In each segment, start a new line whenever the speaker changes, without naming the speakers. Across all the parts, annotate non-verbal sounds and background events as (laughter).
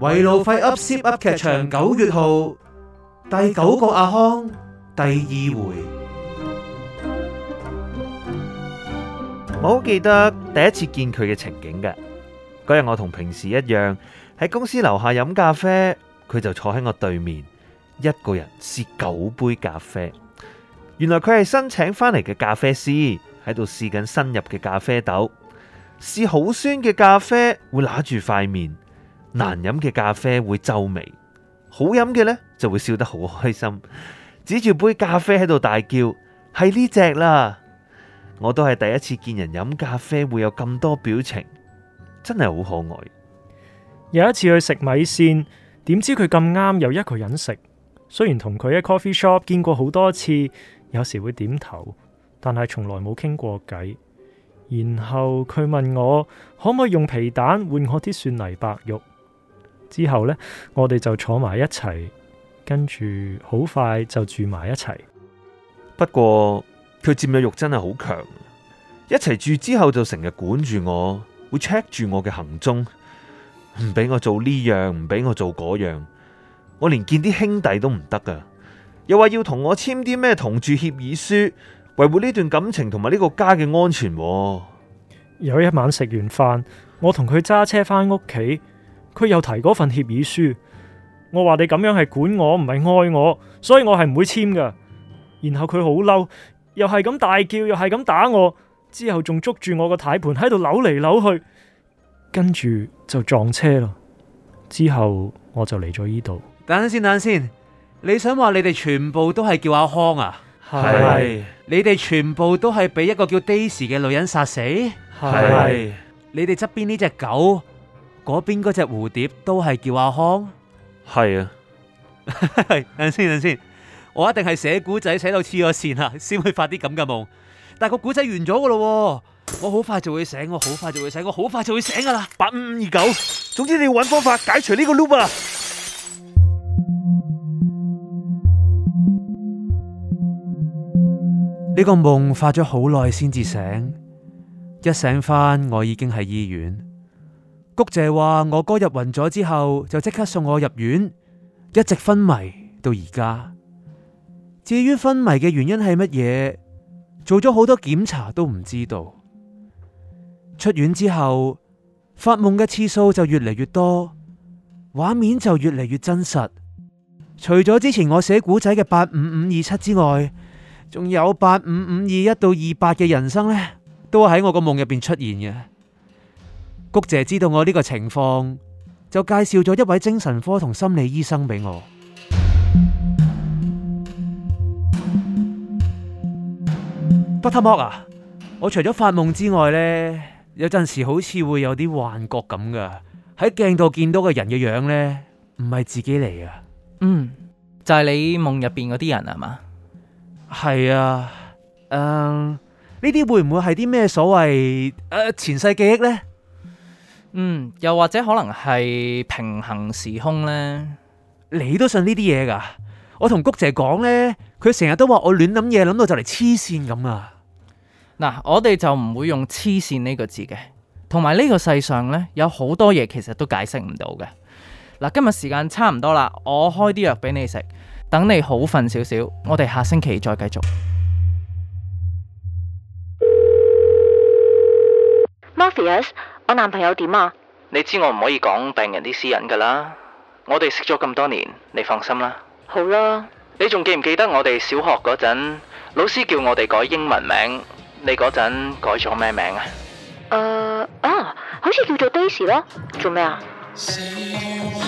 維路費吸 Up 劇場九月號第九個阿康第二回，
(music) 我好記得第一次見佢嘅情景嘅。嗰日我同平時一樣喺公司樓下飲咖啡，佢就坐喺我對面，一個人試九杯咖啡。原來佢係新請翻嚟嘅咖啡師，喺度試緊新入嘅咖啡豆，試好酸嘅咖啡會拿住塊面。難飲嘅咖啡會皺眉，好飲嘅呢就會笑得好開心，指住杯咖啡喺度大叫：係呢隻啦！我都係第一次見人飲咖啡會有咁多表情，真係好可愛。
有一次去食米線，點知佢咁啱有一個人食，雖然同佢喺 coffee shop 見過好多次，有時會點頭，但係從來冇傾過偈。然後佢問我可唔可以用皮蛋換我啲蒜泥白肉。之後呢，我哋就坐埋一齊，跟住好快就住埋一齊。
不過佢佔有欲真係好強，一齊住之後就成日管住我，會 check 住我嘅行蹤，唔俾我做呢樣，唔俾我做嗰樣，我連見啲兄弟都唔得噶。又話要同我簽啲咩同住
協議書，維護呢段感情同埋呢個家嘅安全。有一晚食完飯，我同佢揸車返屋企。佢又提嗰份協議書，我話你咁樣係管我唔係愛我，所以我係唔會簽噶。然後佢好嬲，又係咁大叫，又係咁打我，之後仲捉住我個軚盤喺度扭嚟扭去，跟住就撞車啦。之後我就嚟咗呢度。等
陣先，等陣先，你想話你哋全部都係叫阿康啊？係你哋全部都係俾一個叫 Daisy 嘅女人殺死？係你哋側邊呢隻狗？嗰邊嗰隻蝴蝶都係叫阿康，係是啊 (laughs) 等等，等先，等先，我一定係寫古仔寫到黐咗線啊，先會發啲咁嘅夢。但係個古仔完咗噶咯，我好快就會醒，我好
快就會醒，我好快就會醒噶啦。八五五二九，總之你要揾方法解除呢個 loop 啊！
呢個夢發咗好耐先至醒，一醒翻我已經喺醫院。谷姐話：我哥入暈咗之後，就即刻送我入院，一直昏迷到而家。至於昏迷嘅原因係乜嘢，做咗好多檢查都唔知道。出院之後，發夢嘅次數就越嚟越多，畫面就越嚟越真實。除咗之前我寫故仔嘅八五五二七之外，仲有八五五二一到二八嘅人生呢，都喺我個夢入邊出現嘅。谷姐知道我呢個情況，就介紹咗一位精神科同心理醫生俾我。Doctor Mo 啊，我除咗發夢之外呢，有
陣時好似會有啲幻覺咁噶，喺鏡度見到個人嘅樣呢，唔係自己嚟啊。嗯，就係、是、你夢入邊嗰啲人啊嘛？係啊，誒、呃，呢啲會唔會係啲咩所謂誒、呃、前
世記憶呢？
嗯，又或者可能係平行時空呢。你都信呢啲嘢噶？我同谷姐講呢，佢成日都話我亂諗嘢，諗到就嚟黐線咁啊！嗱，我哋就唔會用黐線呢個字嘅。同埋呢個世上呢，有好多嘢其實都解釋唔到嘅。嗱，今日時間差唔多啦，我開啲藥俾你食，等你好瞓少少，我哋下星期再繼續。Mafia。我男朋友點啊？你知我唔可以講病人啲私隱㗎啦。我哋識咗咁多年，你放心啦。好啦，你仲記唔記得我哋小學嗰陣，老師叫我哋改英文名？你嗰陣改咗咩名啊？
誒，uh, 啊，好似叫做 Daisy 咯。做咩啊？ (music)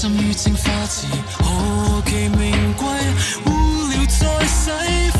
心如青花瓷，何其名貴，污了再洗。